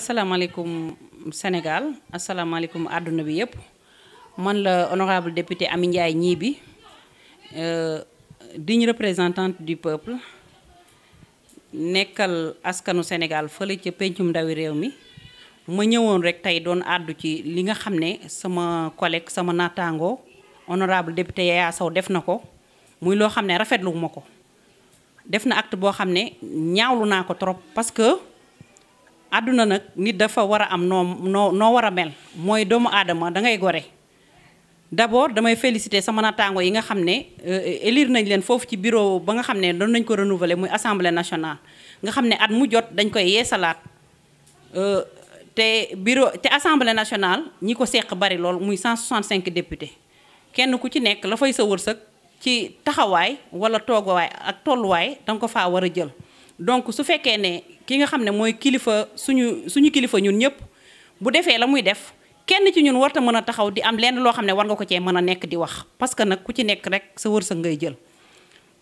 asalaamaaleykum Sénégal asalaamaaleykum àdduna bi yëpp man la honorable député Amy Ndiaye Gniby euh, digne représentante du peuple nekkal askanu Sénégal fële ca pencum ndawi réew mi ma ñëwoon rek tey doon àddu ci li nga xam ne sama collègue sama naataango honorable député Yaya Sow def na ko muy loo xam ne rafetlu ma ko def na acte boo xam ne ñaawlu naa ko trop parce àdduna nag nit dafa war a am noo noo noo war a mel mooy doomu aadama da ngay gore d'abord damay féliciter sama naataango yi nga xam ne euh, élire nañ leen foofu ci bureau ba nga xam ne doon nañ ko renouveler muy assemblée nationale nga xam ne at mu jot dañ koy yeesalaat euh, te bureau te assemblée nationale ñi ko seq bari lool muy cent 165 députés kenn ku ci nekk la fay sa wërsëg ci taxawaay wala toogawaay ak tolluwaay danga ko faa war a jël donc su fekkee ne ki nga xam ne mooy kilifa suñu suñu kilifa ñun ñëpp bu defee la muy def kenn ci ñun warta mën a taxaw di am lenn loo xam ne war nga ko cee mën a nekk di wax parce que nag ku ci nekk rek sa wërsëg ngay jël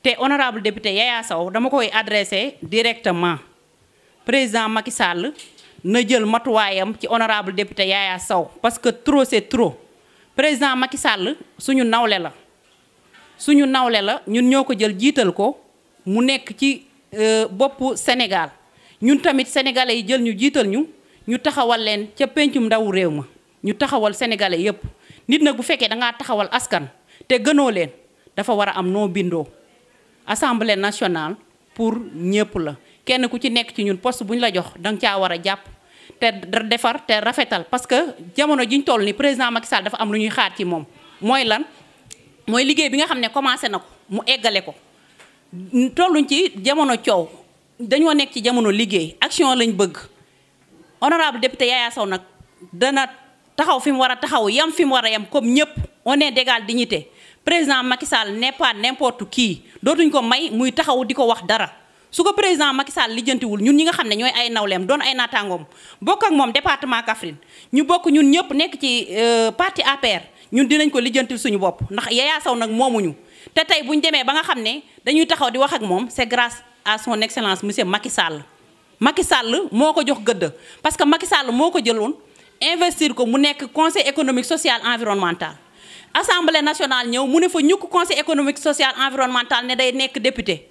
te honorable député Yaya saw dama koy adressé directement président Macky sàll na jël matuwaayam ci honorable député Yaya saw parce que trop c'est trop président Macky sàll suñu nawle la suñu nawle la ñun ñoo ko jël jiital ko mu nekk ci Euh, boppu Sénégal ñun tamit sénégalais yi jël ñu jiital ñu ñu taxawal leen ca péncum ndawu réew ma ñu taxawal sénégalais yépp nit nag bu fekkee dangaa taxawal askan te gënoo leen dafa war a am noo bindoo assemblée nationale pour ñépp la kenn ku ci nekk ci ñun poste bu ñu la jox danga caa war a jàpp te defar te rafetal parce que jamono jiñ toll ni président Macky dafa am lu ñuy xaar ci moom mooy lan mooy liggéey bi nga xam ne commencé na ko mu eggale ko tolluñ ci jamono coow dañoo nekk ci jamono liggéey action lañ bëgg honorable député Yaya nag dana taxaw fi mu war a taxaw yam fi mu war a yam comme ñëpp on est d'égale dignité président Macky Sall n'est pas n'importe dootuñ ko may muy taxaw di ko wax dara su ko président Macky Sall lijjantiwul ñun ñi nga xam ne ñooy ay nawleem doon ay naataangoom bokk ak moom département kafrin ñu bokk ñun ñëpp nekk ci euh, parti APR ñun dinañ ko lijjantil suñu bopp ndax Yaya nag moomuñu. te tey bu ñu demee ba nga xam ne dañuy taxaw di wax ak moom c'est grace à son excellence monsieur Macky Sall Macky Sall moo ko jox gëdd parce que Macky Sall moo ko jëloon investir ko mu nekk conseil économique social environnemental assemblée national ñëw mu ne fa ñukk conseil économique social environnemental ne day nekk député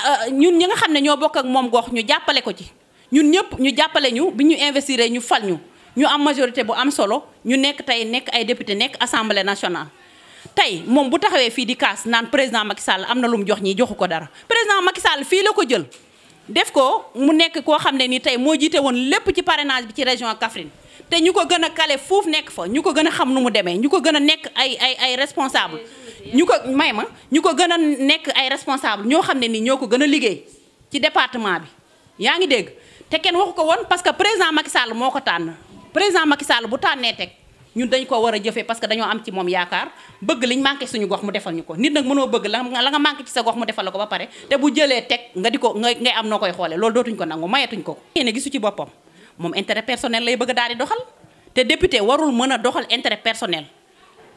euh, ñun ñi nga xam ne ñoo bokk ak moom gox ñu jàppale ko ci ñun ñëpp ñu jàppale ñu bi ñu investir ñu fal ñu ñu am majorité bu am solo ñu nekk tey nekk ay député nekk assemblée nationale tey moom bu taxawee fii di kaas naan président Macky Sall am na lu mu jox ñi joxu ko dara président Macky Sall fii la ko jël def ko mu nekk koo xam ne nii tey moo jiite woon lépp ci parrainage bi ci région Kaffrine te ñu ko gën a kale foofu nekk fa ñu ko gën a xam nu mu demee ñu ko gën a nekk ay ay ay responsable ñu ko may ma ñu ko gën a nekk ay responsable ñoo xam ne nii ñoo ko gën a liggéey ci département bi yaa ngi dégg te kenn waxu ko woon parce que président Macky Sall moo ko tànn président Macky Sall bu tànnee teg ñun dañ ko war a jëfee parce que dañoo am ci moom yaakaar bëgg liñ manqué suñu gox mu defal ñu ko nit nag mënoo bëgg la nga manqué ci sa gox mu defal la ko ba pare te bu jëlee teg nga di ko ngay ngay am noo koy xoolee loolu dootuñ ko nangu mayetuñ ko ko yéene gisu ci moom intérêt personnel lay bëgg daal di te député warul mën a doxal intérêt personnel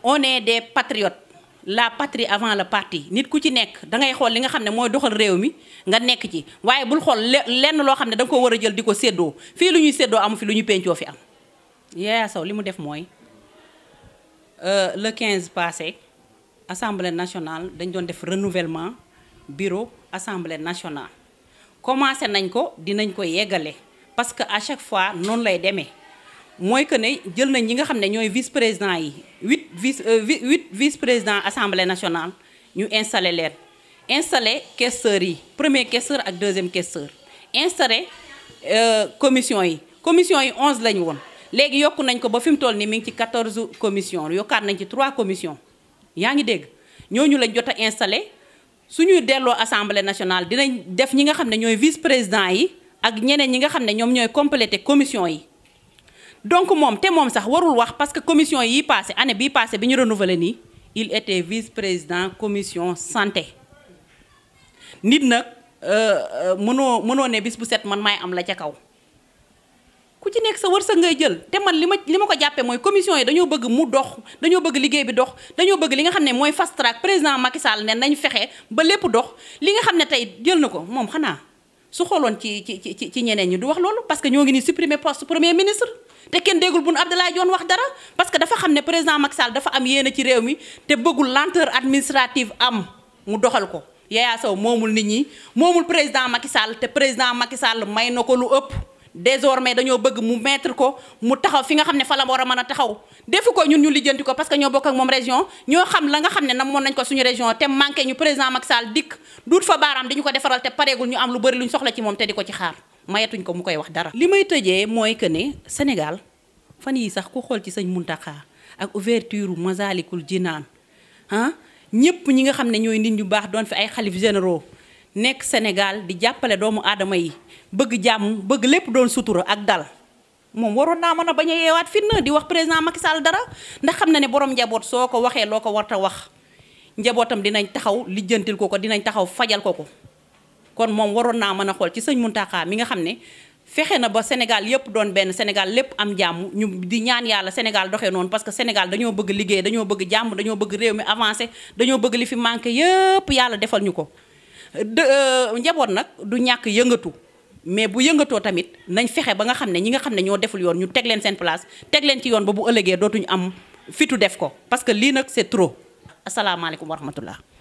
on est des patriotes la patrie avant le parti nit ku ci nekk dangay xool li nga xam ne mooy doxal réew mi nga nekk ci waaye bul xool lenn loo xam ne da ko war a jël di ko séddoo fii lu ñuy séddoo amu fi lu ñu péncoo fi am yaa saw li mu def mooy Euh, le quinze passé assemblée national dañ doon def renouvellement bureau assemblée national commencé nañ ko dinañ ko yeggale parce que à chaque fois noonu lay demee mooy que ne jël nañ ñi nga xam ne ñooy vice président yi huit vice euh, huit vice président assemblée nationale ñu installé leer installé questeurs yi premier questeur ak deuxième questeur installé euh, commission yi commission yi onze lañu woon léegi yokk nañ ko ba fi mu toll nii mi ngi ci 14 commission yokkaat nañ ci 3 commission yaa ngi dégg ñooñu lañ jot a installé suñuy delloo assemblée nationale dinañ def ñi nga xam ne ñooy vice président yi ak ñeneen ñi nga xam ne ñoom ñooy complété commission yi donc moom te moom sax warul wax parce que commission yi passé année bi passé bi ñu renouvelé nii il était vice président commission santé nit nag euh, euh, mënoo mënoo ne bis bu set man maay am la ca kaw ku ci nekk sa wërsëg ngay jël te man li ma li ma ko jàppee mooy commission yi dañoo bëgg mu dox dañoo bëgg liggéey bi dox dañoo bëgg li nga xam ne mooy fast track président Macky ne nañ fexe ba lépp dox li nga xam ne tey jël na ko moom xanaa su xooloon ci ci ci ci ñeneen ñi du wax loolu parce que ñoo ngi ni supprimer poste premier ministre te kenn déggul Boun Abdallah Dionne wax dara parce que dafa xam ne président Macky Sall dafa am yéene ci réew mi te bëggul lenteur administrative am mu doxal ko Yaya Sow moomul nit ñi moomul président Macky Sall te président Macky Sall may na ko lu ëpp désormais dañoo bëgg mu mettre ko mu taxaw fi nga xam ne fa la war a mën a taxaw defu ko ñun ñu lijjanti ko parce que ñoo bokk ak moom région ñoo xam la nga xam ne namoon nañ ko suñu région te manqué ñu président Macky Sall dikk duut fa baaraam di ko defaral te pareegul ñu am lu bëri lu ñu soxla ci moom te di ko ci xaar mayetuñ ko mu koy wax dara. li may tëjee mooy que ne Sénégal fan yi sax ku xool ci sëñ Mountakha ak ouverture Masalikul Jinaan ah ñëpp ñi nga xam ne ñooy nit ñu baax doon fi ay xalif généraux nekk Sénégal di jàppale doomu aadama yi bëgg jàmm bëgg lépp doon sutura ak dal moom waroon naa mën a bañ a yeewaat fitna di wax président Macky Sall dara ndax xam na ne boroom njaboot soo ko waxee loo ko warta wax njabootam dinañ taxaw lijjantil ko ko dinañ taxaw fajal ko ko kon moom waroon naa mën a xool ci sëñ Mountakha mi nga xam ne fexe na ba Sénégal yépp doon benn Sénégal lépp am jàmm ñu di ñaan yàlla Sénégal doxee noonu parce que Sénégal dañoo bëgg liggéey dañoo bëgg jàmm dañoo bëgg réew mi avancé dañoo bëgg li fi manqué yépp yàlla defal ñu ko de euh, njaboot nag du ñàkk yëngatu mais bu yëngatoo tamit nañ fexe ba nga xam ne ñi nga xam ne ñoo deful yoon ñu teg leen seen place teg leen ci yoon ba bu ëllëgee dootuñu am fitu def ko parce que lii nag c'est trop asalaamaaleykum wa rahmatullah